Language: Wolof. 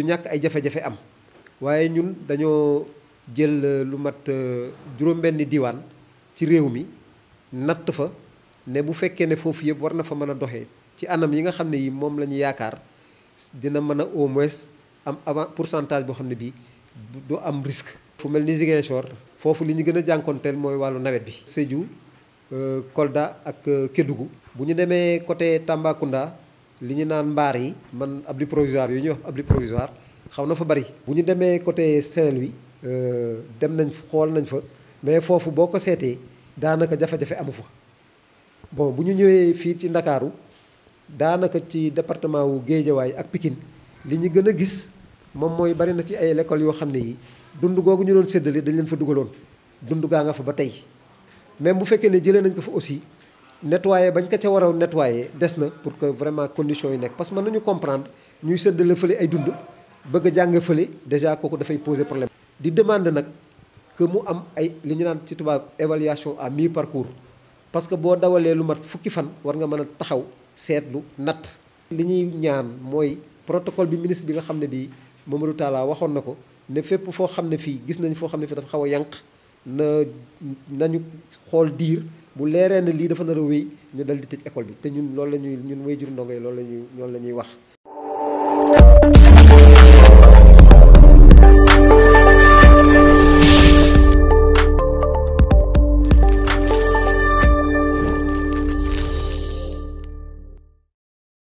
du ñàkk ay jafe-jafe am waaye ñun dañoo jël euh, lu mat euh, juróom-benni diwaan ci réew mi natt fa ne bu fekkee ne foofu yëpp war na fa mën a doxe ci anam yi nga xam ne yi moom la ñu yaakaar dina mën a au moins am avant pourcentage boo xam ne bii du am risque. fu mel ni Ziguinchor foofu li ñu gën a jànkoonteel mooy wàllu nawet bi. Sédhiou euh, Kolda ak Kédougou. bu ñu demee côté Tambacounda li ñu naan mbaar yi man abri provisoire yu ñuy wax abri provisoire xaw na fa bari. bu ñu demee côté Saint-Louis euh, dem nañ xool nañ fa mais foofu boo ko seetee daanaka jafe-jafe amu fa bon bu ñu ñëwee fii ci Ndakaaru daanaka ci département wu Géejawaay ak Pikine li ñu gën a gis moom mooy bari na ci ay école yoo xam ne yi dund googu ñu doon séddale dañ leen fa dugaloon dund gaa nga fa ba tey même bu fekkee ne jële nañ ko fa aussi. nettoyer bañ ko ci waraw nettoyer des na pour que vraiment condition yi nek parce que man nañu comprendre ñuy le feulé ay dund bëgg jàng feulé déjà da fay poser problème di demander nak, que mu am ay li ñu nane ci tuba évaluation à mi parcours parce que bo dawalé lu mat fukki fan war nga mëna taxaw sétlu nat li ñuy ñaan moy protocole bi ministre bi nga xamné bi Mamadou Talla waxoon na ne fepp fo xamné fi gis nañ fo xamné fi dafa xawa yank na nañu xol diir bu leereen ne dafa nar a wéy ñu dal di tëj école bi te ñun loolu la ñuy ñun way jur ndongo yi loolu la ñuy loolu la ñuy wax